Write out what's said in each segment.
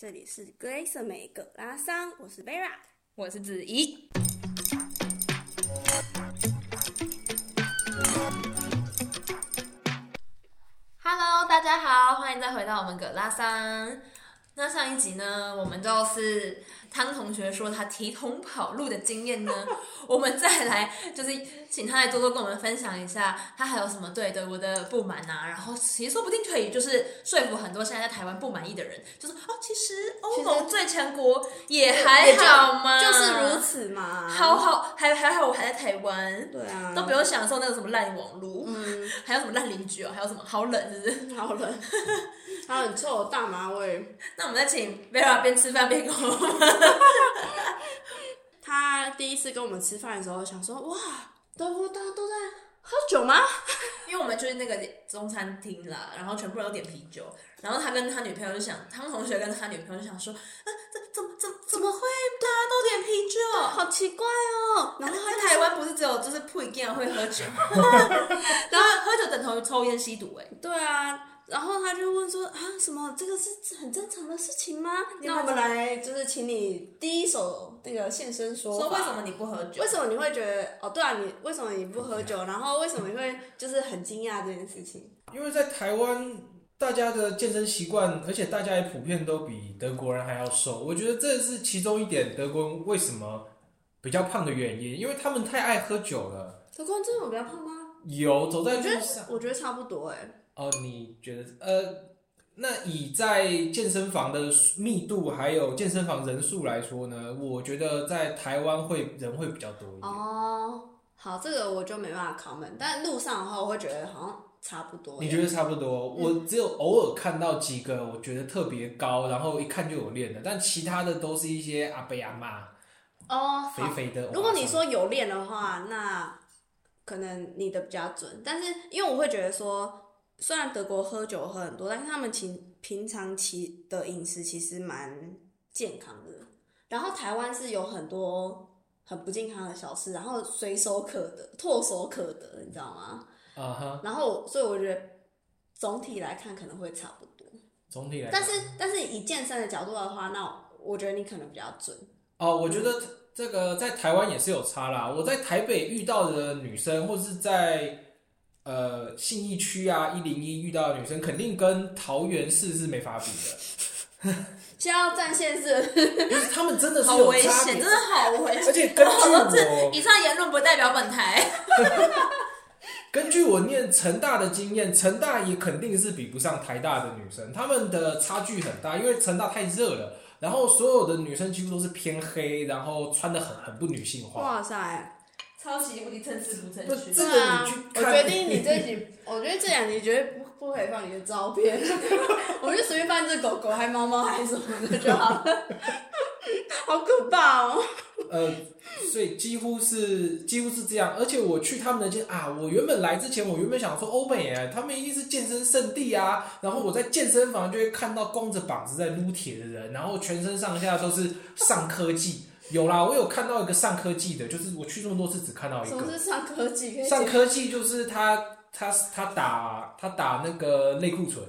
這裡是 Grace 美葛拉桑，我是 Bera，我是子怡。Hello，大家好，歡迎再回到我們葛拉桑。那上一集呢，我們就是。湯同學說他提桶跑路的經驗呢， 我們再來就是請他來多多跟我們分享一下，他還有什麼對德國的不滿啊？然後其實說不定可以就是說服很多現在在台灣不滿意的人，就是哦，其實歐盟最強國也還好嘛，就，就是如此嘛，好好還還好，我還在台灣，對啊，都不用享受那個什麼爛網路，嗯，還有什麼爛鄰居哦，還有什麼好冷，是不是？好冷，還有 很臭，大麻味。那我們再請 Vera 邊吃飯邊跟我們 他第一次跟我們吃飯的時候，想說：“哇，都大家都，都在喝酒嗎？”因為我們就是那個中餐廳啦，然後全部都點啤酒。然後他跟他女朋友就想，湯同學跟他女朋友就想說：“呃、 啊，怎怎麼怎怎麼會大家都，都，都，都，都點啤酒？好奇怪哦、喔！”然後在台灣不是只有就是不一定會喝酒， 然後喝酒等同於抽煙吸毒哎、欸，對啊。然後他就問說啊，什麼，這個是很正常的事情嗎？那我們來就是請你第一首那個現身說說為什麼你不喝酒？為什麼你會覺得哦，對啊，你為什麼你不喝酒？Okay. 然後為什麼你會就是很驚訝這件事情？因為在台灣，大家的健身習慣，而且大家也普遍都比德國人還要瘦。我覺得這是其中一點德國人為什麼比較胖的原因，因為他們太愛喝酒了。德國人真的有比較胖嗎？有，走在路上。我，我覺得差不多哎。哦，你覺得呃，那以在健身房的密度還有健身房人數來說呢，我覺得在台灣會人會比較多一點。哦，好，這個我就沒辦法 comment，但路上的話，我會覺得好像差不多。你覺得差不多？嗯、我只有偶爾看到幾個我覺得特別高，然後一看就有練的，但其他的都是一些阿伯阿嬤哦，肥肥的。如果你說有練的話，那可能你的比較準，但是因為我會覺得說。雖然德國喝酒喝很多，但是他們其平常其的飲食其實蠻健康的。然後台灣是有很多很不健康的小吃，然後隨手可得、唾手可得，你知道嗎？啊哈。然後，所以我覺得總體來看可能會差不多。總體來看，但是但是以健身的角度的話，那我覺得你可能比較準。哦，uh，我覺得這個在台灣也是有差啦。嗯。我在台北遇到的女生，或是在。呃，信義區啊，一零一遇到的女生，肯定跟桃園市是沒法比的。先 要占線是，他們真的是好危險，真的好危險。而且根據我、哦、以上言論，不代表本台。 根據我念成大的經驗，成大也肯定是比不上台大的女生，他們的差距很大，因為成大太熱了。然後所有的女生幾乎都是偏黑，然後穿得很很不女性化。哇塞！超級無敵，趁勢不趁虛？真啊！我決定，你這集，我覺得這樣你絕對不不可以放你的照片， 我就隨便放隻狗狗，還貓貓，還什麼的就好了。 好可怕哦、喔！呃，所以幾乎是幾乎是這樣，而且我去他們的店啊，我原本來之前，我原本想說歐美、欸，他們一定是健身聖地啊。然後我在健身房就會看到光着膀子在擼鐵的人，然後全身上下都是上科技。 有啦，我有看到一個上科技的，就是我去那麼多次只看到一個。什麼是上科技？上科技就是他他他打他打那個內庫存，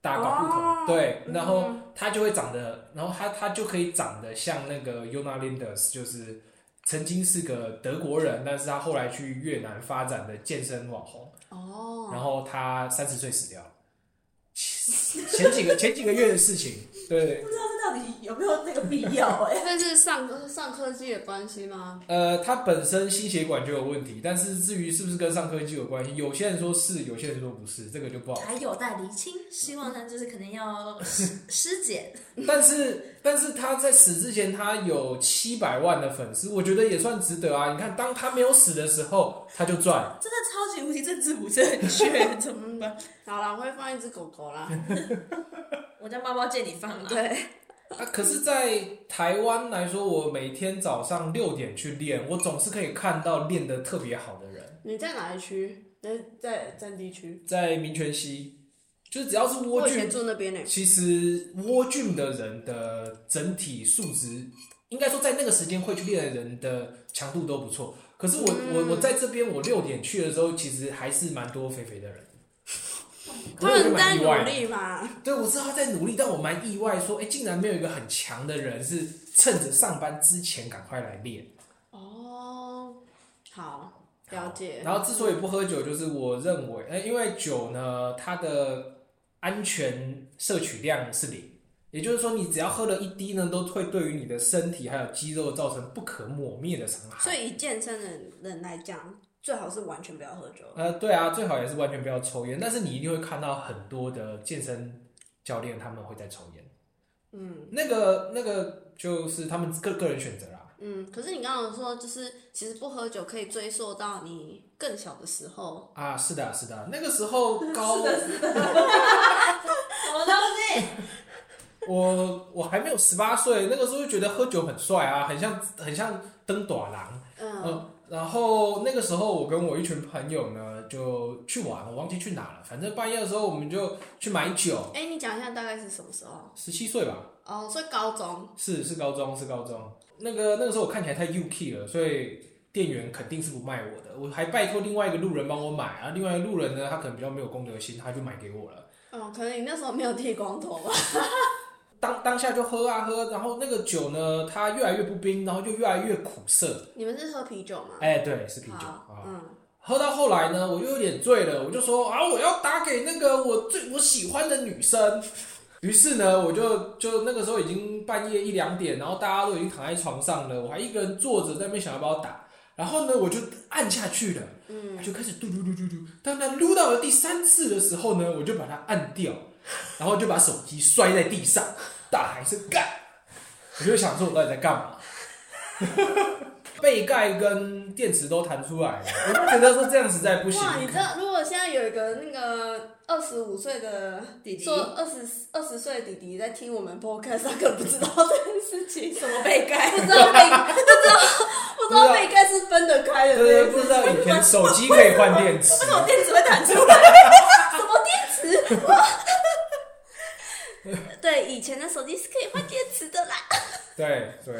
打搞庫存、哦，對，然後他就會長得，嗯、然後他他就可以長得像那個 Jo Lindner，就是曾經是個德國人，但是他後來去越南發展的健身網紅。哦。然後他三十歲死掉了 前幾個前幾個月的事情， 對,對,對。到底有沒有這個必要、欸？哎，這是上科上科技的關係嗎？呃，他本身心血管就有問題，但是至於是不是跟上科技有關係，有些人說是，有些人說不是，這個就不好，還有待釐清。希望他就是可能要屍屍檢 。但是，但是他在死之前，他有七百萬的粉絲，我覺得也算值得啊。你看，當他沒有死的時候，他就賺，真的超級無敵政治不正確， 怎麼辦？好了，我會放一只狗狗啦。 我家貓貓借你放、啊， 對。啊！可是，在台灣來說，我每天早上六點去練，我總是可以看到練得特別好的人。你在哪一區？在在,在地區？在民權西，就是只要是 World Gym 那邊其實 World Gym 的人的整體素質，應該說在那個時間會去練的人的強度都不錯。可是我我、嗯、我在這邊，我六點去的時候，其實還是蠻多肥肥的人。他很在努力吧？對，我知道他在努力，但我蠻意外說，說、欸、哎，竟然沒有一個很強的人是趁着上班之前趕快來練。哦，好了解好。然後之所以不喝酒，就是我認為，哎、欸，因為酒呢，它的安全攝取量是零，也就是說，你只要喝了一滴呢，都會對於你的身體還有肌肉造成不可磨滅的傷害。所以，以，健身的人來講。最好是完全不要喝酒。呃，對啊，最好也是完全不要抽菸。但是你一定會看到很多的健身教練，他們會在抽菸。嗯，那個那個就是他們個個人選擇啦。嗯，可是你剛剛說，就是其實不喝酒可以追溯到你更小的時候。啊，是的，是的，那個時候高。 什麼東西？ 我我還沒有十八歲，那個時候就覺得喝酒很帥啊，很像很像登大人。嗯。呃然後那個時候，我跟我一群朋友呢，就去玩，我忘記去哪了。反正半夜的時候，我們就去買酒。哎，你講一下大概是什麼時候？十七歲吧。哦，所以高中。是是高中是高中，那個那個時候我看起來太幼齒了，所以店員肯定是不賣我的。我還拜托另外一個路人幫我買啊，另外一個路人呢，他可能比較沒有公德心，他就買給我了。哦，可能你那時候沒有剃光頭吧。 當下就喝啊喝，然後那個酒呢，它越來越不冰，然後就越來越苦澀。你們是喝啤酒嗎？哎、欸，對，是啤酒，oh, 啊嗯。喝到後來呢，我又有點醉了，我就說啊，我要打給那個我最我喜歡的女生。於是呢，我就就那個時候已經半夜一兩點，然後大家都已經躺在床上了，我還一個人坐着在那邊想要把我打。然後呢，我就按下去了。嗯。就開始嘟嘟嘟嘟嘟。當它嘟到了第三次的時候呢，我就把它按掉，然後就把手機摔在地上。打還是幹？我就想說，我到底在幹嘛？ 背蓋跟電池都彈出來了，我都覺得說這樣實在不行。哇，你知道，如果現在有一個那個二十五歲的弟弟，說二十二十歲的弟弟在聽我們播客，他可不知道這件事情， 什麼背蓋，不 知,道 知,道 知道背，不知道不知道背蓋是分得開的，對，不知道以前手機可以換電池 為什麼， 為什麼電池會彈出來？ 什麼電池？ 對，以前的手機是可以換電池的啦。 對對，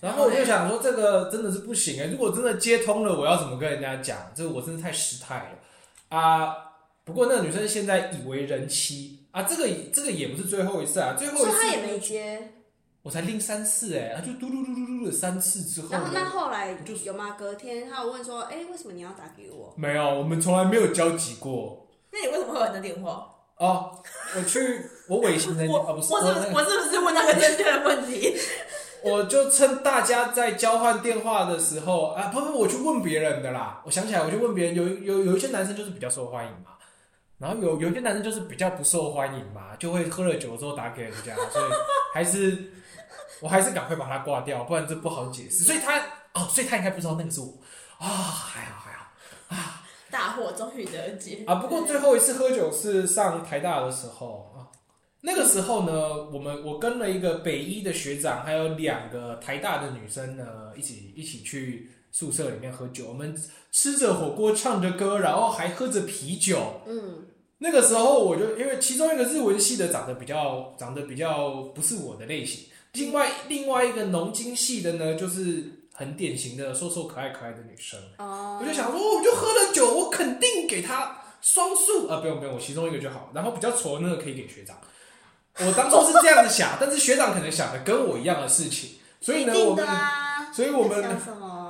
然後我就想說，這個真的是不行哎、欸！如果真的接通了，我要怎麼跟人家講？這個我真的太失態了啊！不過那個女生現在已為人妻啊，這個這個也不是最後一次啊，最後一次她也沒接，我才拎三次哎、欸，她就嘟嘟嘟嘟嘟嘟的三次之後，然後那後來就有嗎？隔天她有問說，哎，為什麼你要打給我？沒有，我們從來沒有交集過。那你為什麼會有我的電話？哦，我去，我尾行的哦、啊、不是我我，我是不是問那個正確的問題？ 我就趁大家在交換電話的時候啊，不不，我去問別人的啦。我想起來，我去問別人，有有有一些男生就是比較受歡迎嘛，然後有有一些男生就是比較不受歡迎嘛，就會喝了酒之後打給人家，所以還是 我還是趕快把他掛掉，不然這不好解釋。所以他哦，所以他應該不知道那個是我啊，還、哦、好。哎大禍終於得解啊！不過最後一次喝酒是上台大的時候啊，那個時候呢，我們我跟了一個北醫的學長，還有兩個台大的女生呢，一起一起去宿舍裡面喝酒。我們吃着火鍋，唱着歌，然後還喝着啤酒。嗯，那個時候我就因為其中一個日文系的長得比較長得比較不是我的類型，另外另外一個農經系的呢，就是。很典型的瘦瘦可愛可愛的女生，oh. 我就想說，我就喝了酒，我肯定給她雙數啊，不用不用，我其中一個就好。然後比較挫那個可以給學長。 我當初是這樣子想，但是學長可能想的跟我一樣的事情， 所以呢，我們，啊、所以我們，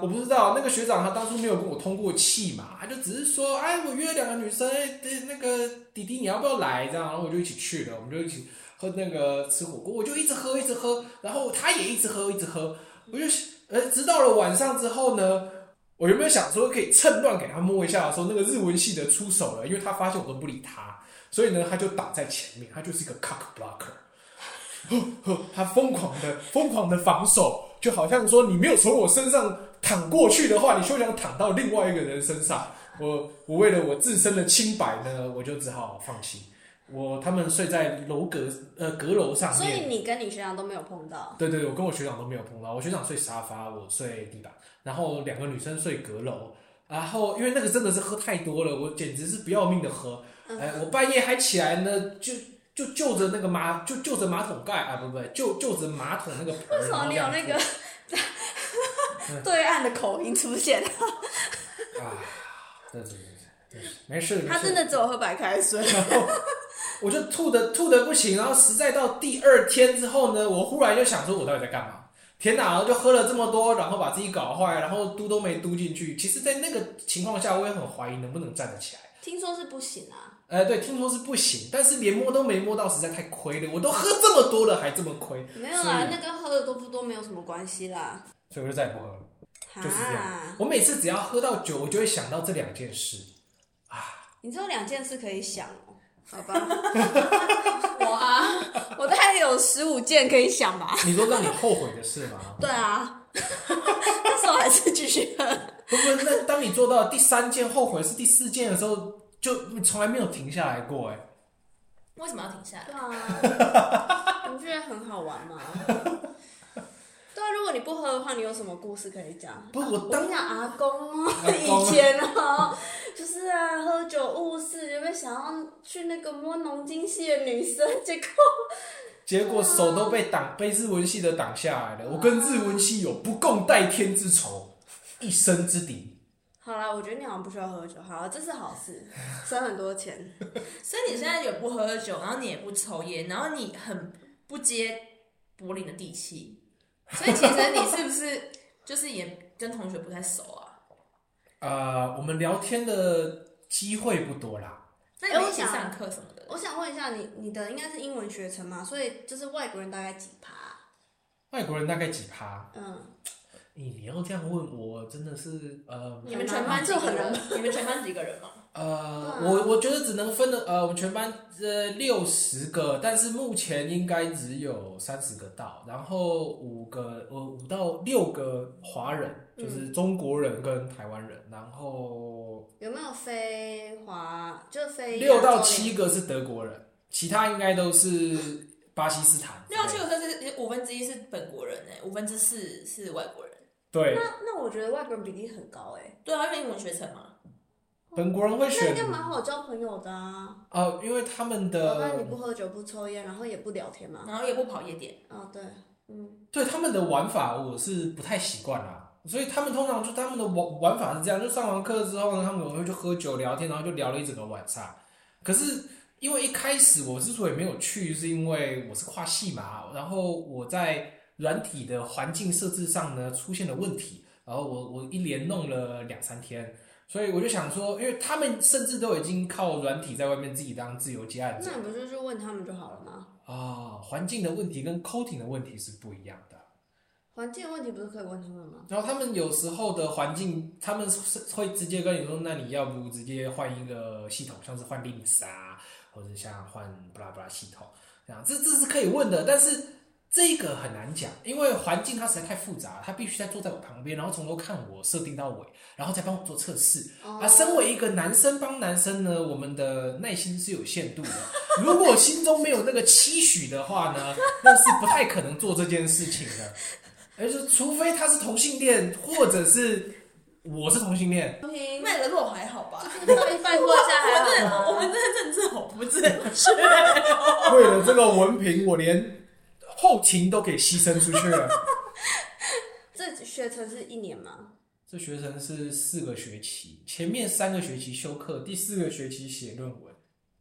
我不知道那個學長他當初沒有跟我通過氣嘛，他就只是說，哎，我約了兩個女生，哎，那個弟弟你要不要來？這樣，然後我就一起去了，我們就一起喝那個吃火鍋，我就一直喝一直喝，然後他也一直喝一直喝，我就。而直到了晚上之後呢，我有沒有想說可以趁亂給他摸一下的時候，說那個日文系的出手了，因為他發現我都不理他，所以呢，他就擋在前面，他就是一個 cock blocker，呵呵，他瘋狂的瘋狂的防守，就好像說你沒有從我身上躺過去的話，你休想躺到另外一個人身上。我我為了我自身的清白呢，我就只好放棄。我他們睡在樓閣，呃，閣樓上。所以你跟你學長都沒有碰到？對，對對，我跟我學長都沒有碰到。我學長睡沙發，我睡地板，然後兩個女生睡閣樓。然後因為那個真的是喝太多了，我簡直是不要命的喝。哎、嗯欸，我半夜還起來呢，就就就着那個馬，就就着馬桶蓋啊，不不，不，就就着馬桶那個。為什麼你有那個 對岸的口音出現、嗯？ 啊，對對對對，沒事。他真的只有喝白開水。 我就吐得吐得不行，然後實在到第二天之後呢，我忽然就想說我到底在幹嘛？天哪！就喝了這麼多，然後把自己搞壞，然後嘟都沒嘟進去。其實，在那個情況下，我也很懷疑能不能站得起來。聽說是不行啊。哎、呃，對，聽說是不行，但是連摸都沒摸到，實在太虧了。我都喝這麼多了，還這麼虧。沒有啦、啊，那跟喝的多不多沒有什麼關係啦。所以我就再也不喝了、啊。就是這樣。我每次只要喝到酒，我就會想到這兩件事啊。你只有兩件事可以想。 好吧， 我啊，我大概有十五件可以想吧。 你說讓你後悔的事嗎？ 對啊，那 時候，還是繼續。 不是，那當你做到第三件後悔是第四件的時候，就從來沒有停下來過哎。為什麼要停下來？對啊， 你不覺得很好玩嗎？ 那如果你不喝的話，你有什麼故事可以講？不是我當下、啊、阿公啊、喔，公以前啊、喔， 就是啊，喝酒誤事，有沒有想要去那個摸農經系的女生，結果結果手都被擋、啊，被日文系的擋下來了。我跟日文系有不共戴天之仇，一生之敵。好啦，我覺得你好像不需要喝酒，好啦，這是好事，省很多錢。 所以你現在也不喝酒，然後你也不抽菸，然後你很不接柏林的地氣。 所以其實你是不是就是也跟同學不太熟啊？呃，我們聊天的機會不多啦。那你一起上課什麼的，欸我。我想問一下你，你你的應該是英文學程嘛？所以就是外國人大概幾趴？外國人大概幾趴？嗯。你、欸、你要這樣問我，真的是呃，你們全班就很多人。 你們全班幾個人嗎？ 呃，啊、我我覺得只能分的，呃，我們全班呃六十個，但是目前應該只有三十個到，然後五個呃五到六個華人，就是中國人跟台灣人、嗯。然後有沒有非華？就非六到七個是德國人，其他應該都是巴基斯坦。六到七個是五分之一是本國人、欸，哎，五分之四是外國人。對那那我覺得外國人比例很高哎，對、啊，他是英文學成嘛，本國人會選，那應該蠻好交朋友的啊。啊、呃，因為他們的，那、啊、你不喝酒不抽煙，然後也不聊天嘛，然後也不跑夜店啊、哦，對，嗯。對，他們的玩法，我是不太習慣啊。所以他們通常就他們的玩玩法是這樣：就上完課之後呢，他們會去喝酒聊天，然後就聊了一整個晚上。可是因為一開始我之所以沒有去，是因為我是跨系嘛，然後我在。軟體的環境設置上呢，出現了問題，然後我我一連弄了兩三天，所以我就想說，因為他們甚至都已經靠軟體在外面自己當自由接案者，那不是就是問他們就好了嗎？啊、哦，環境的問題跟 coding 的問題是不一樣的，環境問題不是可以問他們嗎？然後他們有時候的環境，他們是會直接跟你說，那你要不直接換一個系統，像是換 Linux 啊，或者像換 bla bla 系統這樣，這這是可以問的，但是。這個很難講，因為環境它實在太複雜，他必須在坐在我旁邊，然後從頭看我設定到尾，然後再幫我做測試。Oh. 而身為一個男生幫男生呢，我們的耐心是有限度的。如果心中沒有那個期許的話呢， 那是不太可能做這件事情的。而是除非他是同性戀，或者是我是同性戀。賣性邁還好吧？萬一犯一下，還是我們這認知我不正確？為了這個文憑，我連。後勤都可以犧牲出去了 。這學程是一年嗎？這學程是四個學期，前面三個學期修課，第四個學期寫論文。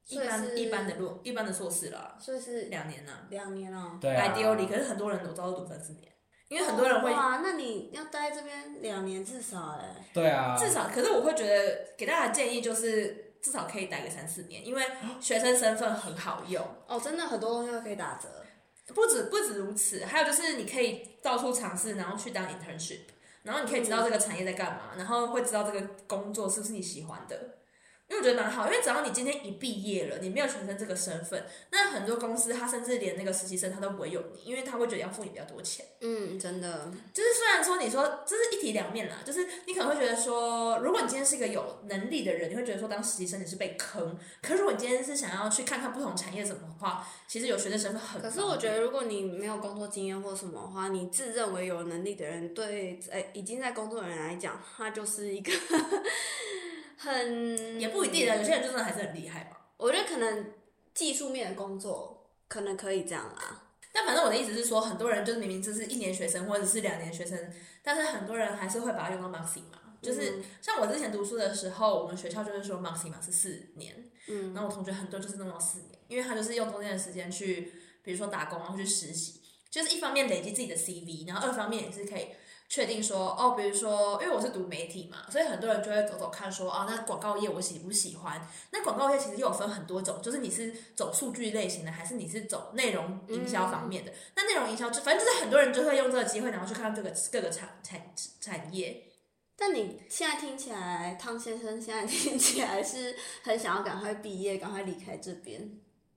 一般一般，一般的碩，一般的碩士了。所以是兩年呢、啊，兩年哦、啊。對，ideally。可是很多人都知道都要讀三四年，因為很多人會、哦、哇，那你要待這邊兩年至少哎、欸。對啊。至少，可是我會覺得給大家的建議就是，至少可以待個三四年，因為學生身份很好用哦，真的很多東西都可以打折。不止不止如此，還有就是你可以到處嘗試，然後去當 internship，然後你可以知道這個產業在幹嘛，嗯、然後會知道這個工作是不是你喜歡的。因為我覺得蠻好，因為只要你今天一畢業了，你沒有學生這個身份，那很多公司他甚至連那個實習生他都不會用你，因為他會覺得要付你比較多錢。嗯，真的。就是雖然說你說這是一體兩面啦，就是你可能會覺得說，如果你今天是一個有能力的人，你會覺得說當實習生你是被坑。可是如果你今天是想要去看看不同產業什麼的話，其實有學生身份很。可是我覺得，如果你沒有工作經驗或什麼的話，你自認為有能力的人，對，哎，已經在工作的人來講，他就是一個。 很也不一定的，嗯、有些人就真的還是很厲害吧。我覺得可能技術面的工作可能可以這樣啦，啊，但反正我的意思是說，很多人就是明明就是一年學生或者是兩年學生，但是很多人還是會把它用到 Magister 嘛。就是，嗯、像我之前讀書的時候，我們學校就是說 Magister 嘛是四年，嗯，然後我同學很多就是弄了四年，因為他就是用中間的時間去，比如說打工然後去實習，就是一方面累積自己的 CV，然後二方面也是可以。確定說哦，比如說，因為我是讀媒體嘛，所以很多人就會走走看說，說、哦、啊，那廣告業我喜不喜歡？那廣告業其實又有分很多種，就是你是走數據類型的，還是你是走內容營銷方面的？嗯嗯，那內容營銷，反正就是很多人就會用這個機會，然後去看看這個、嗯、各個產產產業。但你現在聽起來，湯先生現在聽起來是很想要趕快畢業，趕快離開這邊。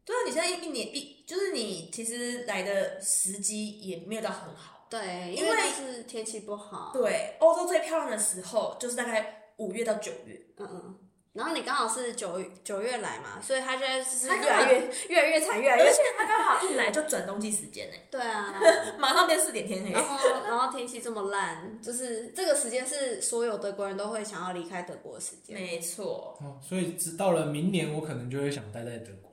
對啊，你現在一一年畢，就是你其實來的時機也沒有到很好。對，因為是天氣不好。對，歐洲最漂亮的時候就是大概五月到九月。嗯嗯。然後你剛好是九月九月來嘛，所以他現在就是越來越越來越慘，越來越而且他剛好一來就轉冬季時間呢、欸。 對啊， 馬上變四點天黑。然後，然後天氣這麼爛，就是這個時間是所有德國人都會想要離開德國的時間。沒錯。哦，所以直到了明年我可能就會想待在德國。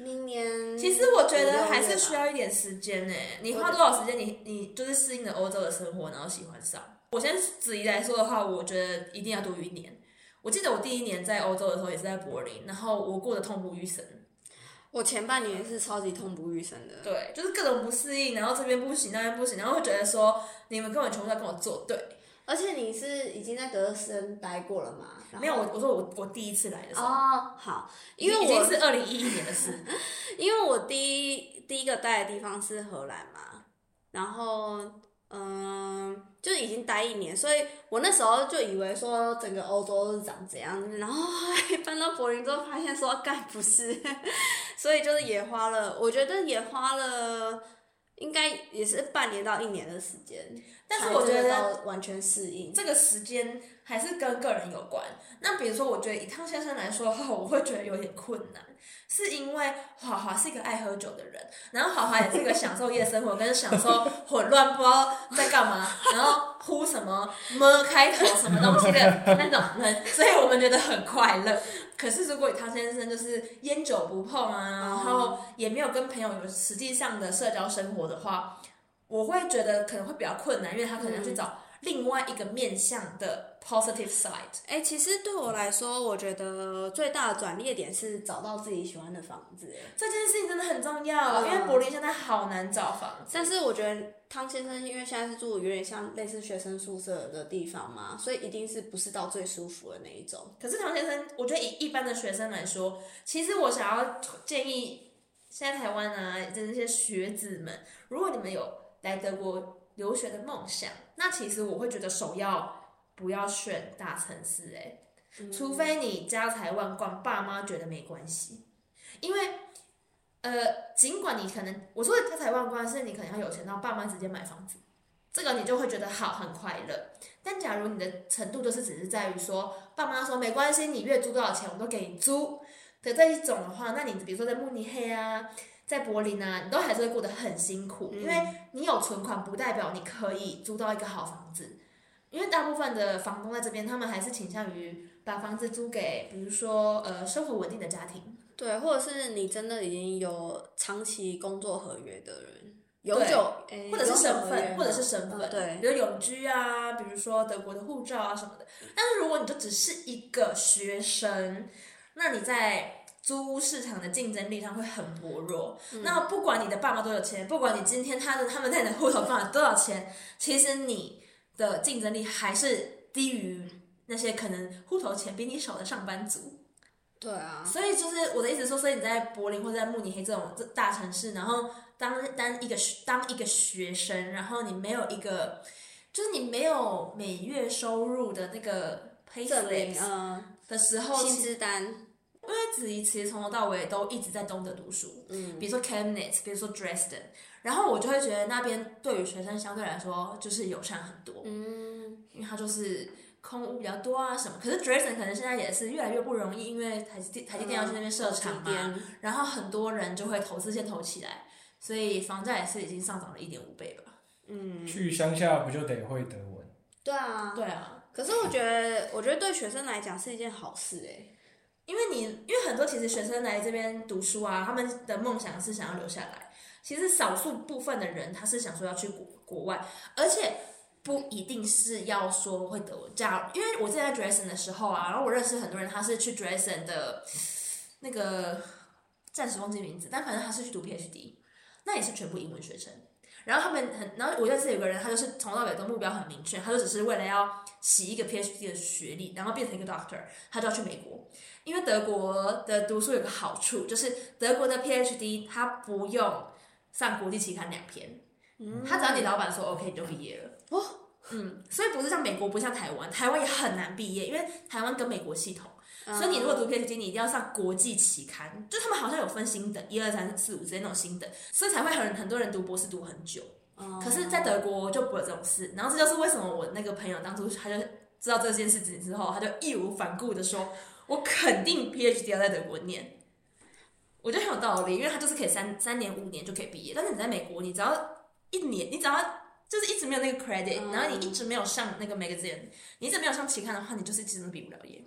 明年，其實我覺得還是需要一點時間呢、欸。你花多少時間，你你就是適應了歐洲的生活，然後喜歡上。我現在自己來說的話，我覺得一定要多於一年。我記得我第一年在歐洲的時候也是在柏林，然後我過得痛不欲生。我前半年是超級痛不欲生的。對，就是各種不適應，然後這邊不行，那邊不行，然後會覺得說你們根本全部在跟我作對。而且你是已經在德森待過了嗎？沒有，我說我我第一次來的時候。哦，好，因為我是二零一一年的事。 因為我第一第一個待的地方是荷蘭嘛，然後嗯、呃，就已經待一年，所以我那時候就以為說整個歐洲是長這樣，然後搬到柏林之後發現說，幹不是，所以就是也花了，我覺得也花了。應該也是半年到一年的時間，但是我覺得完全適應這個時間還還是跟個人有關。那比如說，我覺得以湯先生來說的話，我會覺得有點困難，是因為華華是一個愛喝酒的人，然後華華也是一個享受夜生活跟享受混亂，不知道在幹嘛，然後。什麼開口什麼東西的 那種人，所以我們覺得很快樂。可是如果湯先生就是煙酒不碰啊，然後也沒有跟朋友有實際上的社交生活的話，我會覺得可能會比較困難，因為他可能要去找另外一個面向的、嗯。Positive side。哎、欸，其實對我來說，我覺得最大的轉捩點是找到自己喜歡的房子、欸。這件事情真的很重要、哦，因為柏林現在好難找房子。但是我覺得湯先生因為現在是住的有點像類似學生宿舍的地方嘛，所以一定是不是到最舒服的那一種。可是湯先生，我覺得以一般的學生來說，其實我想要建議現在台灣啊，就是那些學子們，如果你們有來德國留學的夢想，那其實我會覺得首要。不要選大城市誒、欸，除非你家財萬貫，爸媽覺得沒關係。因為呃，盡管你可能我說的家財萬貫是你可能要有錢，然後爸媽直接買房子，這個你就會覺得好很快樂。但假如你的程度就是只是在於說，爸媽說沒關係，你月租多少錢我都給你租的這一種的話，那你比如說在慕尼黑啊，在柏林啊，你都還是會過得很辛苦，因為你有存款不代表你可以租到一個好房子。因為大部分的房東在這邊，他們還是傾向於把房子租給，比如說，呃，生活穩定的家庭，對，或者是你真的已經有長期工作合約的人，永久，或者是身份，或者是身份，對，比如永居啊，比如說德國的護照啊什麼的。但是如果你就只是一個學生，那你在租屋市場的競爭力上會很薄弱。嗯、那不管你的爸媽多有錢，不管你今天他的他們在你的戶頭放了多少錢，其實你。的競爭力還是低於那些可能戶頭錢比你少的上班族。對啊。所以就是我的意思說，所以你在柏林或者在慕尼黑這種大城市，然後當當一個當一個學生，然後你沒有一個，就是你沒有每月收入的那個證明，嗯，的時候薪資單。因為子怡其實從頭到尾都一直在東德讀書，嗯，比如說 Chemnitz 比如說 Dresden。然後我就會覺得那邊對於學生相對來說就是友善很多，嗯，因為它就是空屋比較多啊什麼。可是 Dresden 可能現在也是越來越不容易，因為台積電、台積電要去那邊設廠嘛，啊嗯，然後很多人就會投資先投起來，所以房價也是已經上漲了一點五倍吧。嗯，去鄉下不就得會德文、嗯？對啊，對啊。可是我覺得，嗯，我覺得對學生來講是一件好事哎，欸，因為你因為很多其實學生來這邊讀書啊，他們的夢想是想要留下來。其實少數部分的人，他是想說要去國國外，而且不一定是要說會德文這樣，因為我現在在 Dresden 的時候啊，然後我認識很多人，他是去 Dresden 的，那個暫時忘記名字，但反正他是去讀 PhD，那也是全部英文學生。然後他們很，然後我認識有個人，他就是從頭到尾都目標很明確，他就只是為了要洗一個 PhD 的學歷，然後變成一個 Doctor，他就要去美國。因為德國的讀書有個好處，就是德國的 PhD 他不用，上國際期刊兩篇，嗯，他只要你老闆說、嗯、OK，你就畢業了。哦，嗯，所以不是像美國，不像台灣，台灣也很難畢業，因為台灣跟美國系統，哦，所以你如果讀 PhD，你一定要上國際期刊，就他們好像有分新的，一二三四五之類那種新的。所以才會很很多人讀博士讀很久。哦，可是，在德國就沒有這種事，然後這就是為什麼我那個朋友當初他就知道這件事情之後，他就義無反顧的說，我肯定 PhD 要在德國念。我覺得很有道理，因為他就是可以三三年、五年就可以畢業。但是你在美國，你只要一年，你只要就是一直沒有那個 credit，、嗯、然後你一直沒有上那個 magazine，你一直沒有上期刊的話，你就是基本畢不了業。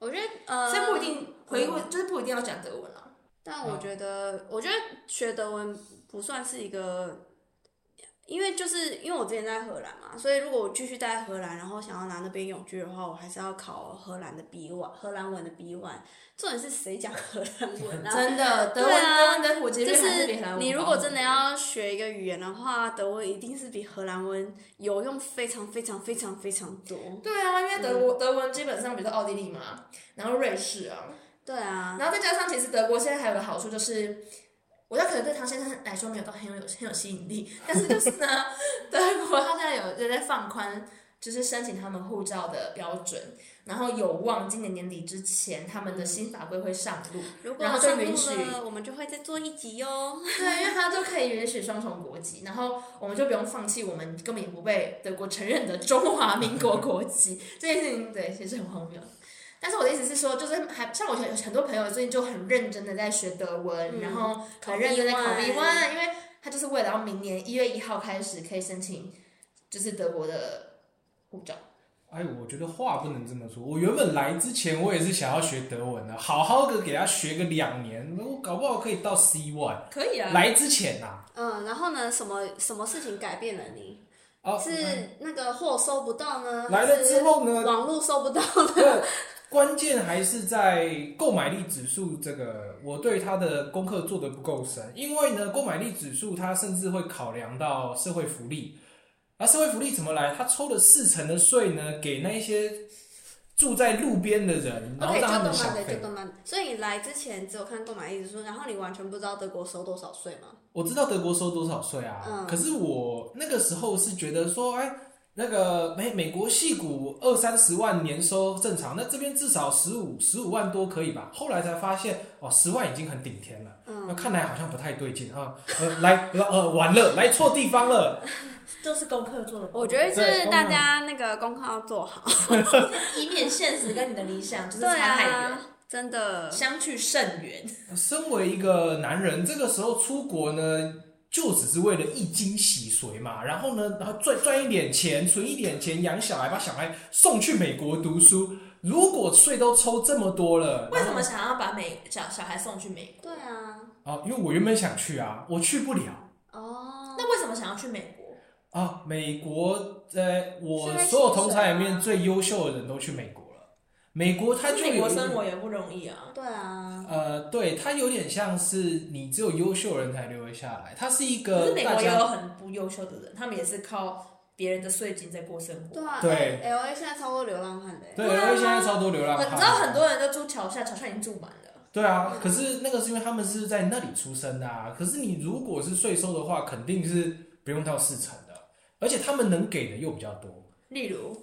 我覺得，嗯、所以不一定回顧、嗯，就是不一定要講德文啊。但我覺得，嗯、我覺得學德文不算是一個。因為就是因為我之前在荷蘭嘛，所以如果我繼續待在荷蘭，然後想要拿那邊永居的話，我還是要考荷蘭的 B1，荷蘭文的 B1。重點是誰講荷蘭文？ 真的德文，對啊，德文我其實就是比荷蘭文你如果真的要學一個語言的話，德文一定是比荷蘭文有用非常非常非常非常多。對啊，因為德文、嗯、德文基本上比如說奧地利嘛，然後瑞士啊，對啊，然後再加上其實德國現在還有個好處就是。我覺得可能對唐先生來說沒有到很有很有吸引力，但是就是呢，德國好像有就在放寬，就是申請他們護照的標準，然後有望今年年底之前他們的新法規會上路。如果上路了，然後就允許，我們就會再做一集喲、哦。 對，因為他就可以允許雙重國籍，然後我們就不用放棄我們根本也不被德國承認的中華民國國籍這件事情。對，其實很荒謬。但是我的意思是說，就是還像我很多朋友最近就很認真的在學德文，嗯、然後很認真的在考 B1、嗯、因為他就是為了明年一月一號開始可以申請，就是德國的護照。哎，我覺得話不能這麼說，我原本來之前我也是想要學德文的，好好的給他學個兩年，我搞不好可以到 C1。可以啊。來之前啊。嗯，然後呢，什麼什麼事情改變了你、哦？是那個貨收不到呢？嗯、來了之後呢？網絡收不到的。關鍵還是在購買力指數這個，我對他的功課做得不夠深，因為呢，購買力指數它甚至會考量到社會福利，而、啊、社會福利怎麼來？他抽了四成的稅呢，給那些住在路邊的人，然後讓他們消費。所以你來之前只有看購買力指數，然後你完全不知道德國收多少稅嗎？我知道德國收多少稅啊、嗯，可是我那個時候是覺得說，哎。那個美、欸、美國矽谷二三十萬年收正常，那這邊至少十五十五萬多可以吧？後來才發現哦，十萬已經很頂天了。嗯，那看來好像不太對勁啊！呃，來呃完了，來錯地方了。就 是功課做的課，我覺得就是大家那個功課要做好， 以免現實跟你的理想、啊、就是差太遠，真的相去甚遠。身為一個男人，這個時候出國呢？就只是為了一斤洗髓嘛，然後呢，然後賺賺一點錢，存一點錢，養小孩，把小孩送去美國讀書。如果稅都抽這麼多了，為什麼想要把美小小孩送去美國？對啊。哦、啊，因為我原本想去啊，我去不了。哦，那為什麼想要去美國？啊，美國，在、呃、我所有同學裡面最優秀的人都去美國。美國他就美國生活也不容易啊。對啊。呃，對，他有點像是你只有優秀人才留了下來，他是一個。可是美國也有很不優秀的人，他們也是靠別人的稅金在過生活。對啊。對。欸，L A 現在超多流浪漢的。對啊，對，L A 現在超多流浪漢啊。你知道很多人都住橋下，橋下已經住滿了。對啊，可是那個是因為他們是在那裡出生的啊。可是你如果是稅收的話，肯定是不用到四成的，而且他們能給的又比較多。例如，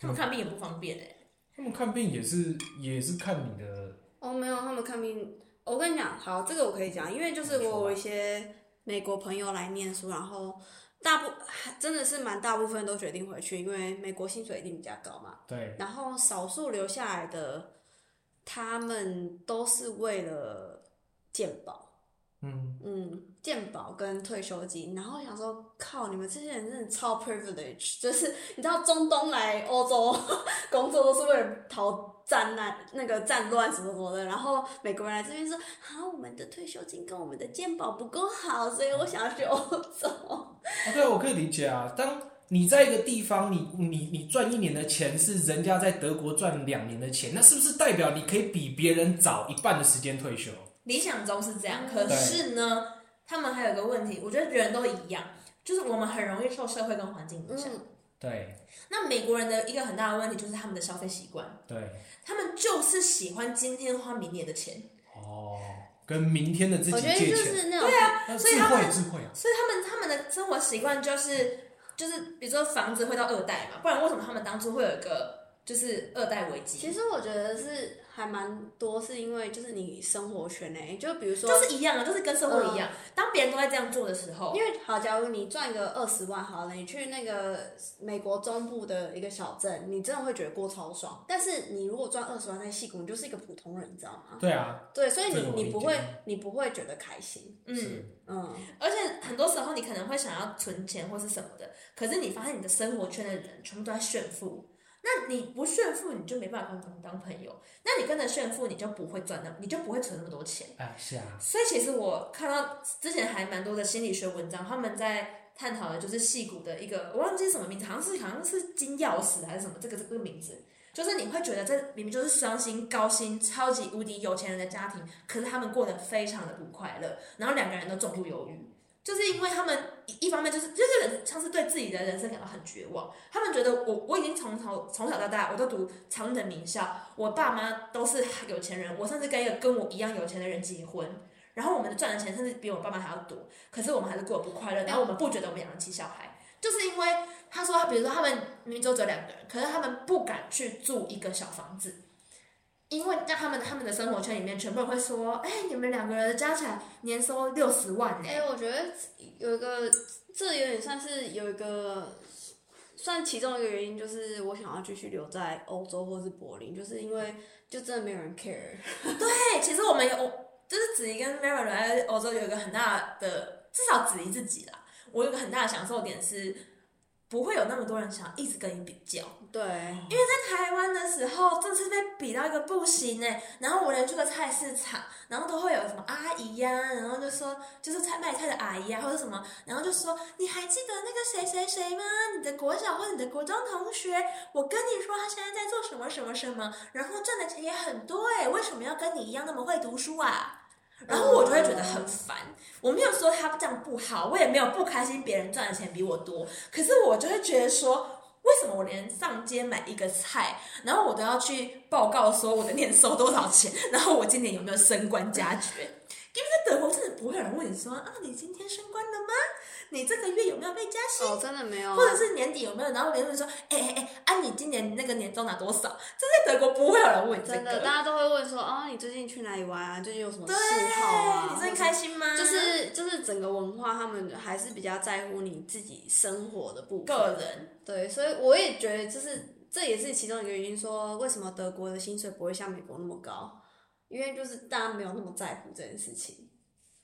他們看病也不方便欸 他們看病也是，也是看你的。哦，沒有，他們看病，我跟你講，好，這個我可以講，因為就是我有一些美國朋友來念書，然後大部真的是蠻大部分都決定回去，因為美國薪水一定比較高嘛。對。然後少數留下來的，他們都是為了健保。嗯嗯。健保跟退休金，然後想說，靠你們這些人真的超 privilege，就是你知道中東來歐洲工作都是為了逃戰難，那個戰亂什麼什麼的，然後美國人來這邊說啊，我們的退休金跟我們的健保不夠好，所以我想要去歐洲。啊、對，我可以理解啊，當你在一個地方，你你你賺一年的錢是人家在德國賺兩年的錢，那是不是代表你可以比別人早一半的時間退休？理想中是這樣，可是呢？他們還有一個問題，我覺得人都一樣，就是我們很容易受社會跟環境影響。嗯，對。那美國人的一個很大的問題就是他們的消費習慣。對。他們就是喜歡今天花明年的錢。哦。跟明天的自己借錢，我覺得就是那種。對啊，智慧智慧啊，所以他們，所以他們他們的生活習慣就是就是，比如說房子會到二代嘛，不然為什麼他們當初會有一個就是二代危機？其實我覺得是。還蠻多，是因為就是你生活圈嘞，欸，就比如說，就是一樣啊，就是跟生活一樣。呃、當別人都在這樣做的時候，因為好，假如你賺個二十萬，好了，你去那個美國中部的一個小鎮，你真的會覺得過超爽。但是你如果賺二十萬在矽谷，那骨你就是一個普通人，你知道嗎？對啊，對，所以你你不會你不會覺得開心，嗯嗯。而且很多時候你可能會想要存錢或是什麼的，可是你發現你的生活圈的人全部都在炫富。那你不炫富，你就沒辦法跟他們當朋友。那你跟着炫富，你就不會賺那，你就不會存那麼多錢。哎、啊，是啊。所以其實我看到之前還蠻多的心理學文章，他們在探討的就是矽谷的一個，我忘記什麼名字，好像是好像是金鑰匙還是什麼，這個這個名字，就是你會覺得這明明就是雙薪、高薪、超級無敵有錢人的家庭，可是他們過得非常的不快樂，然後兩個人都重度憂鬱，就是因為他們。一方面就是就是人像是對自己的人生感到很絕望，他們覺得我我已經從頭從小到大我都讀常人的名校，我爸媽都是有錢人，我甚至跟一個跟我一樣有錢的人結婚，然後我們賺的錢甚至比我爸媽還要多，可是我們還是過得不快樂，然後我們不覺得我們養不起小孩，就是因為他說他比如說他們明明就只有兩個人，可是他們不敢去住一個小房子。因為在他們他們的生活圈裡面，全部人會說：“哎，你們兩個人加起來年收六十萬呢？”哎，我覺得有一個，這有點算是有一個，算其中一個原因，就是我想要繼續留在歐洲或是柏林，就是因為就真的沒有人 care。 對，其實我們有，就是子怡跟菲兒來歐洲有一個很大的，至少子怡自己啦，我有個很大的享受點是。不會有那麼多人想一直跟你比較，對，因為在台灣的時候，真的是被比到一個不行欸。然後我連去個菜市場，然後都會有什麼阿姨呀，然後就說，就是菜賣菜的阿姨啊，或者什麼，然後就說，你還記得那個誰誰誰嗎？你的國小或者你的國中同學，我跟你說，他現在在做什麼什麼什麼，然後賺的錢也很多欸，為什麼要跟你一樣那麼會讀書啊？然後我就會覺得很煩，我沒有說他這樣不好，我也沒有不開心。別人賺的錢比我多，可是我就會覺得說，為什麼我連上街買一個菜，然後我都要去報告說我的年收多少錢，然後我今年有沒有升官加爵？因為在德國，真的不會有人問你說啊，你今天升官了嗎？你這個月有沒有被加薪？哦，真的沒有。或者是年底有沒有？然後連會說，哎哎哎，啊，你今年那個年終拿多少？真的，德國不會有人問、這個、真的，大家都會問說，哦、啊，你最近去哪裡玩啊？最近有什麼嗜好啊？你最近開心嗎？就是就是整個文化，他們還是比較在乎你自己生活的部分。個人對，所以我也覺得，就是這也是其中一個原因說，說為什麼德國的薪水不會像美國那麼高。因為就是大家沒有那麼在乎這件事情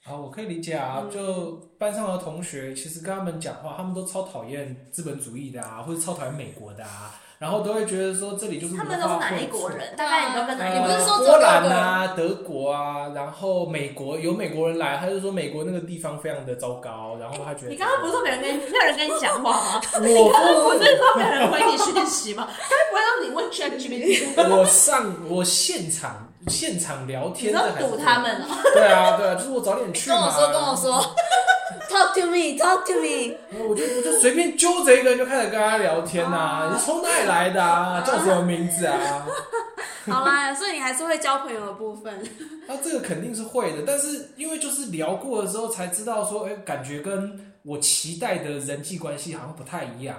好，我可以理解啊。就班上的同學，其實跟他們講話，他們都超討厭資本主義的啊，或者超討厭美國的啊，然後都會覺得說這裡就是他們都是哪一國人？大概你剛剛、呃，你不是說波蘭啊、德國啊，然後美國有美國人來，他就說美國那個地方非常的糟糕，然後他覺得、欸、你剛剛不是說沒人跟沒有人跟你講話嗎？ 我剛 剛不是說沒有人回你訊息嗎？ 他不會讓你問 j a c k 嗎？ 我上我現場。現場聊天的還是？堵他們、喔。對啊，對啊，啊啊、就是我早點去 跟我說，跟我說 ，talk to me, talk to me 我。我就我就隨便揪着一個人就開始跟他聊天吶，你從哪裡來的啊？啊？叫什麼名字啊？啊？ 好啦，所以你還是會交朋友的部分 。那、啊、這個肯定是會的，但是因為就是聊過的時候才知道說，哎，感覺跟我期待的人際關係好像不太一樣。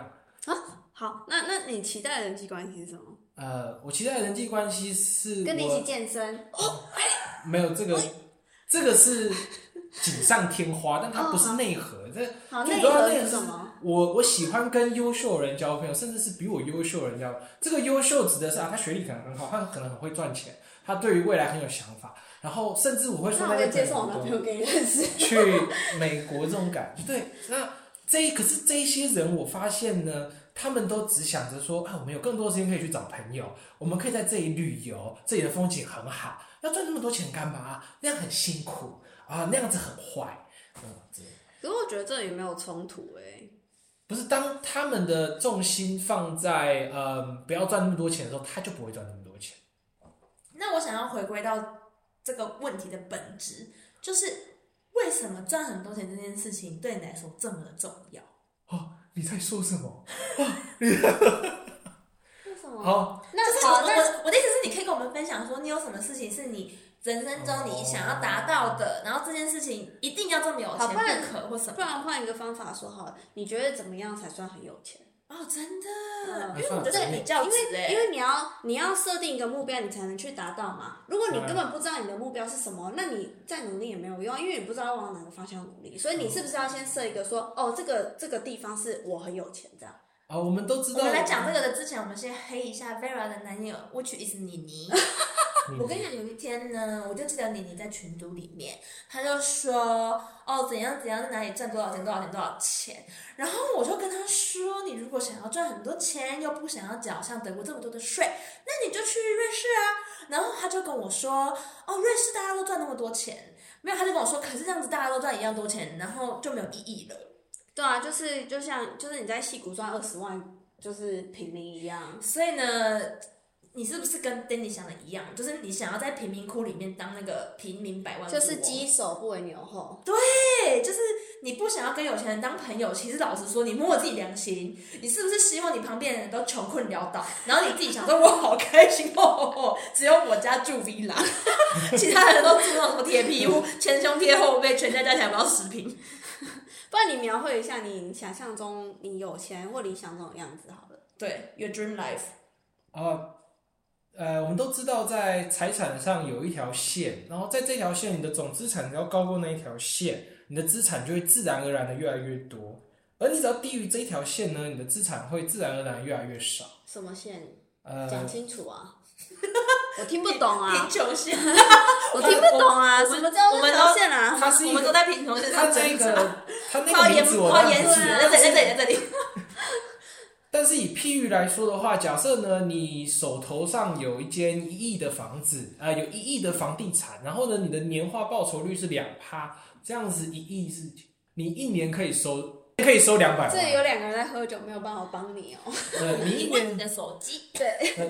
啊，好，那那你期待的人際關係是什麼？呃，我期待人際關係是跟你一起健身，嗯、沒有這個， 這個是錦上添花，但它不是內核。但最主要內核是什麼？我我喜歡跟優秀人交朋友，甚至是比我優秀的人交朋友。這個優秀指的是啊，他學歷可能很好，他可能很會賺錢，他對於未來很有想法。然後甚至我會說，那我介紹我男朋友給你認識，去美， 去美國這種感覺。對，那這一可是這一些人，我發現呢。他們都只想着說：“啊，我們有更多時間可以去找朋友，我們可以在這裡旅遊，這裡的風景很好。要賺那麼多錢幹嘛？那樣很辛苦啊，那樣子很壞。”嗯，對。可是我覺得這也沒有衝突哎。不是，當他們的重心放在嗯、呃，不要賺那麼多錢的時候，他就不會賺那麼多錢。那我想要回歸到這個問題的本質，就是為什麼賺很多錢這件事情對你來說這麼的重要？哦。.你在說什麼？為 什麼？啊、就好，那好，那我的意思是，你可以跟我們分享說，你有什麼事情是你人生中你想要達到的，oh. 然後這件事情一定要這麼有錢認可，可或什麼？不然換一個方法說，好了，你覺得怎麼樣才算很有錢？哦，真的、嗯，因為我覺得比較、嗯，因為因為你要你要設定一個目標，嗯、你才能去達到嘛。如果你根本不知道你的目標是什麼、啊，那你再努力也沒有用，因為你不知道要往哪個方向努力。所以你是不是要先設一個說，哦，哦哦這個這個地方是我很有錢這樣？啊、哦，我們都知道。我們來講這個的之前，我們先黑一下 Vera 的男友，Which is 妮妮。嗯、我跟你講，有一天呢，我就記得你你在群組裡面，他就說哦，怎樣怎樣，哪裡賺多，多少錢，多少錢，多少錢。然後我就跟他說，你如果想要賺很多錢，又不想要繳像德國這麼多的稅，那你就去瑞士啊。然後他就跟我說，哦，瑞士大家都賺那麼多錢，沒有，他就跟我說，可是這樣子大家都賺一樣多錢，然後就沒有意義了。對啊，就是就像就是你在矽谷賺二十萬就是平民一樣，所以呢。你是不是跟 Denny 想的一樣？就是你想要在貧民窟裡面當那個貧民百萬富翁，喔、就是雞首不為牛後。對，就是你不想要跟有錢人當朋友。其實老實說，你摸我自己良心，你是不是希望你旁邊的人都窮困潦倒，然後你自己想說，我 好開心哦，喔，只有我家住 Villa， 其他人都住那種什麼鐵皮屋，前胸貼後背，全家加起來不到十坪。 不然你描繪一下你想象中你有錢或理想中的樣子好了。對，Your Dream Life。哦。呃，我們都知道，在財產上有一條線，然後在這條線，你的總資產要高過那一條線，你的資產就會自然而然的越來越多。而你只要低於這一條線呢，你的資產會自然而然的越來越少。什麼線？呃、講清楚啊！ 我聽不懂啊！貧 窮線， 我聽不懂啊！ 呃、我什麼我什麼叫貧窮線啊？我們都在貧窮線。他那個，他那個名字，我字，我懂。對啊。在這裡，在這裡。 但是以譬喻來說的話，假設呢，你手頭上有一間一億的房子，呃，有一億的房地產，然後呢，你的年化報酬率是兩趴，這樣子一億是，你一年可以收。可以收兩百萬。這裡有兩個人在喝酒，沒有辦法幫你哦、喔。對，你一年你的手機，對，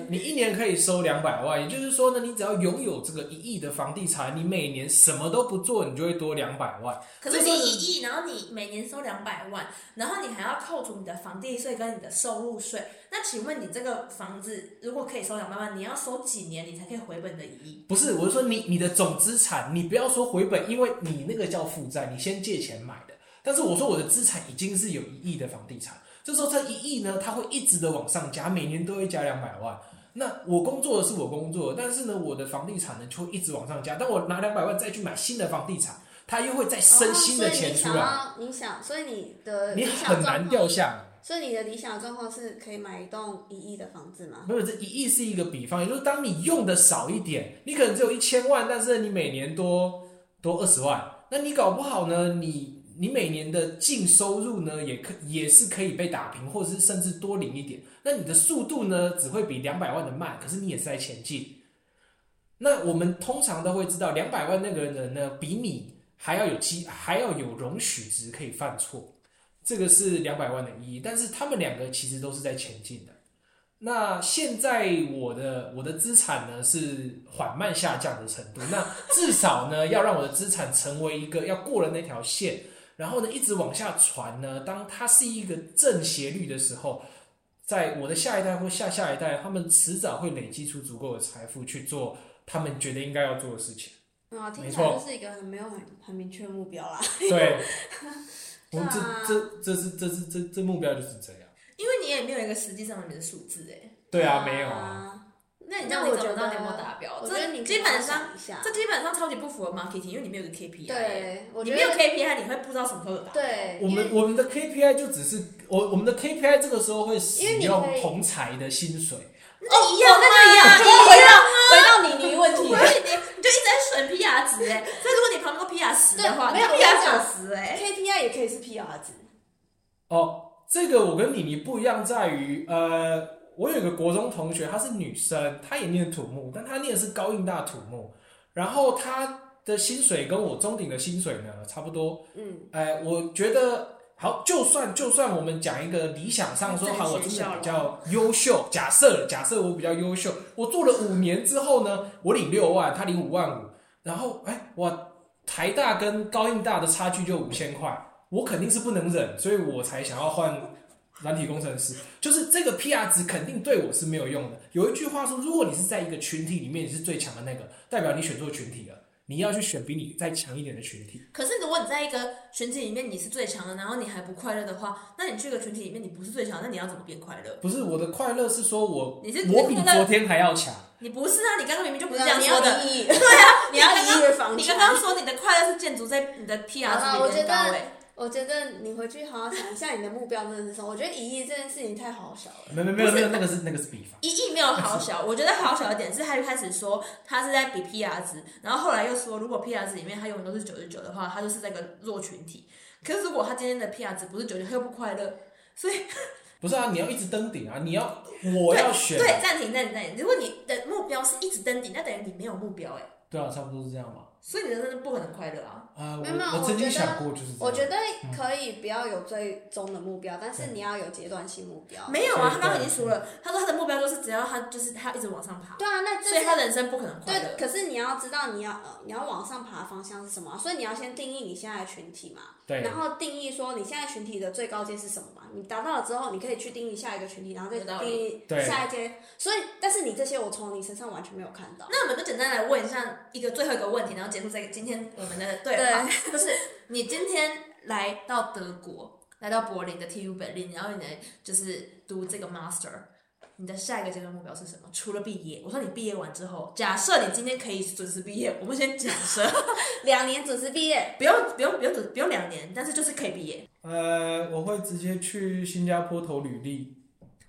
你一年可以收兩百萬。也就是說呢，你只要擁有這個一億的房地產，你每年什麼都不做，你就會多兩百萬。可是你一億，然後你每年收兩百萬，然後你還要扣除你的房地稅跟你的收入稅。那請問你這個房子如果可以收兩百萬，你要收幾年你才可以回本的一億？不是，我是說你你的總資產，你不要說回本，因為你那個叫負債，你先借錢買。但是我說我的資產已經是有一億的房地產，這時候這一億呢，它會一直的往上加，每年都會加兩百萬。那我工作的是我工作，但是呢，我的房地產呢就會一直往上加。但我拿兩百萬再去買新的房地產，它又會再生新的錢出來哦，哦你、啊。你想，所以你的你很難掉下。所以你的理想狀況是可以買一棟一億的房子嗎？沒有，這一億是一個比方，也就是當你用的少一點，你可能只有一千萬，但是你每年多多二十萬，那你搞不好呢，你。你每年的淨收入呢，也可也是可以被打平，或者是甚至多領一點。那你的速度呢，只會比兩百萬的慢，可是你也是在前進。那我們通常都會知道，兩百萬那個人呢，比你還要有機，還要有容許值可以犯錯，這個是兩百萬的意義。但是他們兩個其實都是在前進的。那現在我的我的資產呢是緩慢下降的程度，那至少呢 要讓我的資產成為一個要過了那條線。然後呢，一直往下傳呢。當它是一個正斜率的時候，在我的下一代或下下一代，他們遲早會累積出足夠的財富去做他們覺得應該要做的事情。啊，聽起來是一個很沒有很很明確的目標啦。對， 這這這是這是這這，這目標就是這樣，因為你也沒有一個實際上的數字哎。對啊，沒有啊。那你這樣，你怎麼知道能達標？這基本上，這基本上超級不符合 marketing，因為你沒有個 KPI，欸、對，你沒有 KPI，你會不知道什麼時候有達標。我們我們的 KPI 就只是我我們的 KPI 這個時候會使用同儕的薪水一樣，哦哦。哦，那就一樣。哦、啊，回到你，啊、你，問題、欸，你 你你就一直在選 PR 值，哎、欸，所以 如果你跑那個 PR 十的話，沒有 PR 九十，哎，KPI 也可以是 PR 值。哦，這個我跟你，你，不一樣在於呃。我有一個國中同學，她是女生，她也念土木，但她念的是高應大土木，然後她的薪水跟我中鼎的薪水呢差不多。嗯，哎，我覺得好，就算就算我們講一個理想上說，好，啊，我中鼎比較優秀，假設假設，假設我比較優秀，我做了五年之後呢，我領六萬，她領五萬五，然後哎、呃，哇，台大跟高應大的差距就五千塊，我肯定是不能忍，所以我才想要換。軟體工程師就是這個 P R 值肯定對我是沒有用的。有一句話說，如果你是在一個群體裡面你是最強的那個，代表你選錯群體了。你要去選比你再強一點的群體。可是如果你在一個群體裡面你是最強的，然後你還不快樂的話，那你去一個群體裡面你不是最強，那你要怎麼變快樂？不是，我的快樂是說我你是我比昨天還要強。你不是啊，你剛剛明明就不是這樣說的。對啊， 你要因你剛剛說你的快樂是建築在你的 P R 值裡面的高位。啊我覺得你回去好好想一下你的目標真的是什麼。我覺得一億這件事情太好笑了。沒有沒，沒有沒有、啊、那個是那個是比方。一億沒有好笑， 我覺得好笑的點是，他一開始說他是在比 P R 值，然後後來又說如果 P R 值裡面他永遠都是九十九的話，他就是那個弱群體。可是如果他今天的 P R 值不是九十九，他又不快樂，所以。不是啊，你要一直登頂啊！你要 我要選、啊、對暫停在那。如果你的目標是一直登頂，那等於你沒有目標哎、欸。對啊，差不多是這樣嘛。所以你的人生不可能快樂啊。啊，沒有沒有，我覺得我覺得可以不要有最終的目標，但是你要有階段性目標。沒有啊，他剛剛已經說了，他說他的目標就是只要他就是他一直往上爬。對啊，那這是所以他人生不可能快樂。對，可是你要知道你要呃你要往上爬的方向是什麼啊，所以你要先定義你現在的群體嘛對的，然後定義說你現在群體的最高階是什麼嘛？你達到了之後，你可以去定義下一個群體，然後再定義下一階。所以，但是你這些我從你身上完全沒有看到。那我們就簡單來問一下一個最後一個問題，然後結束這個今天我們的對的。 對就是，你今天來到德國，來到柏林的 TU Berlin，然後你來就是讀這個 Master，你的下一個階段目、目標是什麼？除了畢業，我說你畢業完之後，假設你今天可以準時畢業，我們先假設兩年準時畢業，不用不用不用準，不用兩年，但是就是可以畢業。呃，我會直接去新加坡投履歷。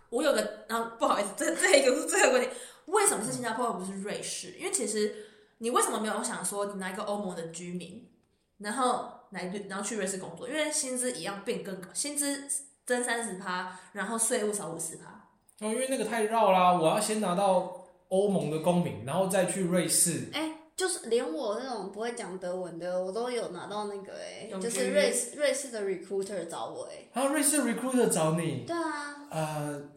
我有個，然、啊、後不好意思，這這一個是最後一個問題，為什麼是新加坡而不是瑞士？因為其實你為什麼沒有想說拿一個歐盟的居民？然後來，然後去瑞士工作，因為薪資一樣變更高，薪資增三十趴，然後稅務少五十趴。哦，因為那個太繞啦，啊，我要先拿到歐盟的公民，然後再去瑞士。哎、欸，就是連我那種不會講德文的，我都有拿到那個哎、欸，okay. 就是瑞士瑞士的 recruiter 找我哎、欸。還，啊、有瑞士的 recruiter 找你。對啊。呃。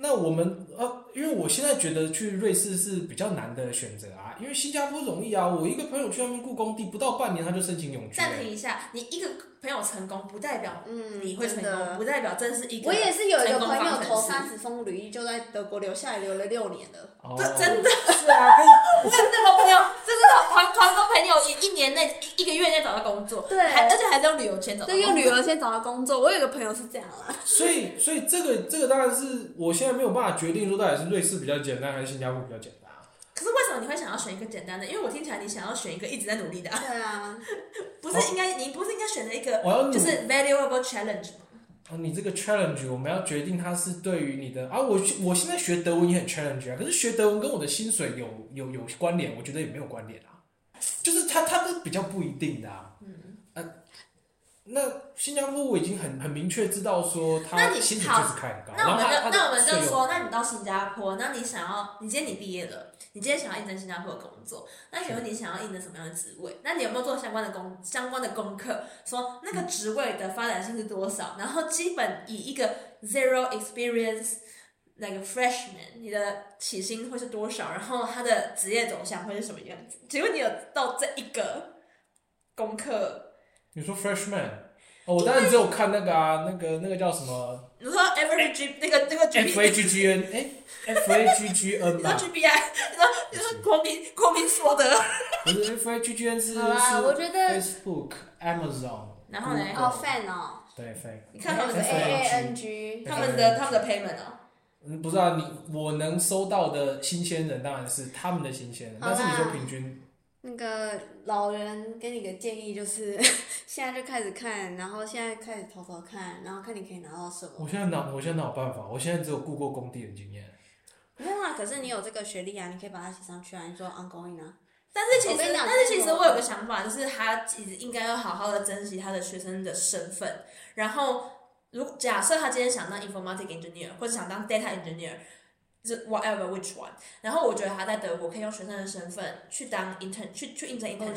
那我們呃、啊，因為我現在覺得去瑞士是比較難的選擇啊，因為新加坡容易啊。我一個朋友去那邊雇工地，不到半年他就申請永居。暫停一下，你一個朋友成功不代表嗯你會成功，不代表真是一個。我也是有一個朋友投三十封履歷，就在德國留下來留了六年了。哦，真的是啊！ 是我真的個朋友，真 的團團個朋友，一一年內一 一個月內找到工作，對，而且還是用旅遊簽走，用旅遊簽找到工作。我有個朋友是這樣啊。所以，所以這個這個當然是我先。 沒有辦法決定說，到底是瑞士比較簡單還是新加坡比較簡單啊？可是為什麼你會想要選一個簡單的？因為我聽起來你想要選一個一直在努力的、啊。啊，不是應該、啊、你不是應該選擇一個、啊，就是 valuable challenge 嗎、啊？你這個 challenge 我們要決定它是對於你的啊，我我現在學德文也很 challenge 啊，可是學德文跟我的薪水有有有關聯，我覺得也沒有關聯啊，就是它它是比較不一定的啊，嗯啊那新加坡我已經很很明確知道說，他薪水就是開很高。那你然那我們的那我們就說，那你到新加坡，那你想要，你今天你畢業了，你今天想要應徵新加坡的工作，那請問你想要應徵什麼樣的職位？嗯。那你有沒有做相關的功相關的功課？說那個職位的發展性是多少？嗯。然後基本以一個 zero experience 那、like、個 freshman，你的起薪會是多少？然後他的職業走向會是什麼樣子？請問你有到這一個功課？你說 freshman，哦，我當然只有看那個啊，那個那個叫什麼？你說 average 那個那個 GPS, f a g g n，哎，f a g g n，那 g b i，你說，GPS, 你，說你說國民國民所得。你說 f a g g n 是？好吧、啊，我覺得 Facebook，Amazon，、嗯、然後呢？哦、oh, fan 哦，對 fan，你看他們是 a a n g，, -A -N -G 他們的他們的 payment 哦，嗯，不知道、啊、你我能收到的新鮮人當然是他們的新鮮人，但是你說平均。那個老人給你個建議，就是現在就開始看，然後現在開始投投看，然後看你可以拿到什麼。我現在拿，我現在想辦法，我現在只有顧過工地的經驗。不用啊，可是你有這個學歷啊，你可以把它寫上去啊，你說 ongoing 啊。但是其實，但是其實我有個想法，就是他其實應該要好好的珍惜他的學生的身份。然後，如假設他今天想當 informatic engineer，或者想當 data engineer。Whatever which one，然後我覺得他在德國可以用學生的身份去當 intern，去去應徵 intern，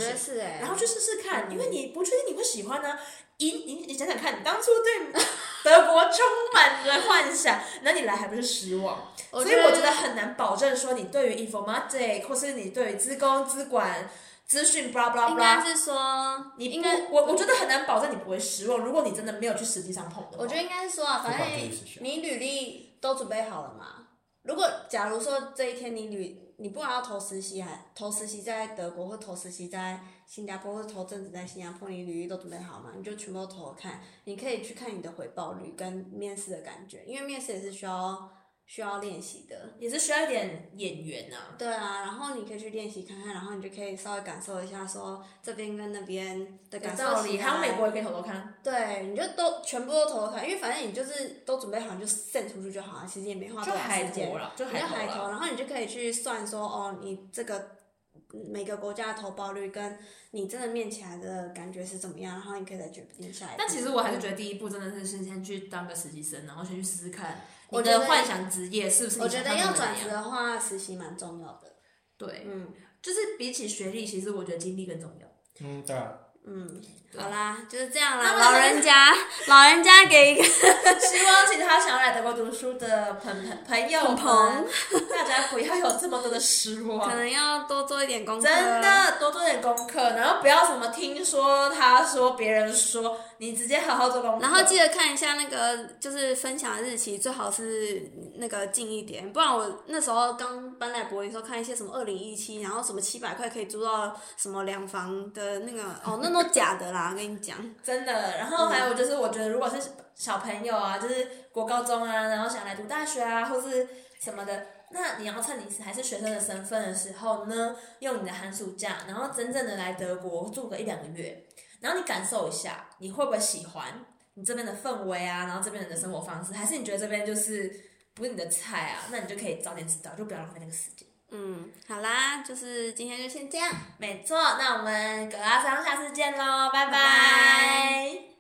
然後去試試看，因為你不確定你不喜歡呢、啊。你你，你，你想想看，你當初對德國充滿了幻想，那 你來還不是失望？所以我覺得很難保證說你對於 informatic 或是你對於資工、資管、資訊 blah blah blah。應該是說，你應該，我我覺得很難保證你不會失望。如果你真的沒有去實際上碰的，我覺得應該是說啊，反正你履歷都準備好了嘛。如果假如說這一天你旅，你不管要投實習還投實習在德國或投實習在新加坡或投正職在新加坡，你履歷都準備好嘛？你就全部都投了看，你可以去看你的回報率跟面試的感覺，因為面試也是需要。需要練習的也是需要一點演員啊。對啊，然後你可以去練習看看，然後你就可以稍微感受一下說，說這邊跟那邊的感受。還有美國也可以投投看。對，你就都全部都投投看，因為反正你就是都準備好就 send 出去就好了，其實也沒花多少時間。就海投了，就海投，海投。然後你就可以去算說，哦，你這個每個國家的投報率跟你真的面起來的感覺是怎麼樣，然後你可以再決定下一步。但其實我還是覺得第一步真的是先先去當個實習生，然後先去試試看。我的幻想職業是不是？我覺得要轉職的話，實習蠻重要的。對，嗯，就是比起學歷，嗯、其實我覺得經歷更重要。嗯，對。嗯，好啦，就是這樣啦。老人家， 老人家給一個 希望，其他想要來德國讀書的朋朋朋友 大家不要有這麼多的失望。 可能要多做一點功課，真的多做一點功課，然後不要什麼聽說他說別人說。你直接好好做工作。然後記得看一下那個，就是分享的日期，最好是那個近一點，不然我那時候剛搬來柏林時候，看一些什麼二零一七，然後什麼七百塊可以租到什麼兩房的那個， 哦，那都假的啦，我跟你講。真的。然後還有就是，我覺得如果是小朋友啊，就是國高中啊，然後想要來讀大學啊，或是什麼的，那你要趁你是還是學生的身份的時候呢，用你的寒暑假，然後真正的來德國住個一兩個月。然後你感受一下，你會不會喜歡你這邊的氛圍啊？然後這邊人的生活方式，還是你覺得這邊就是不是你的菜啊？那你就可以早點知道，就不要浪費那個時間。嗯，好啦，就是今天就先這樣。沒錯，那我們葛拉桑，下次見嘍，拜拜。拜拜。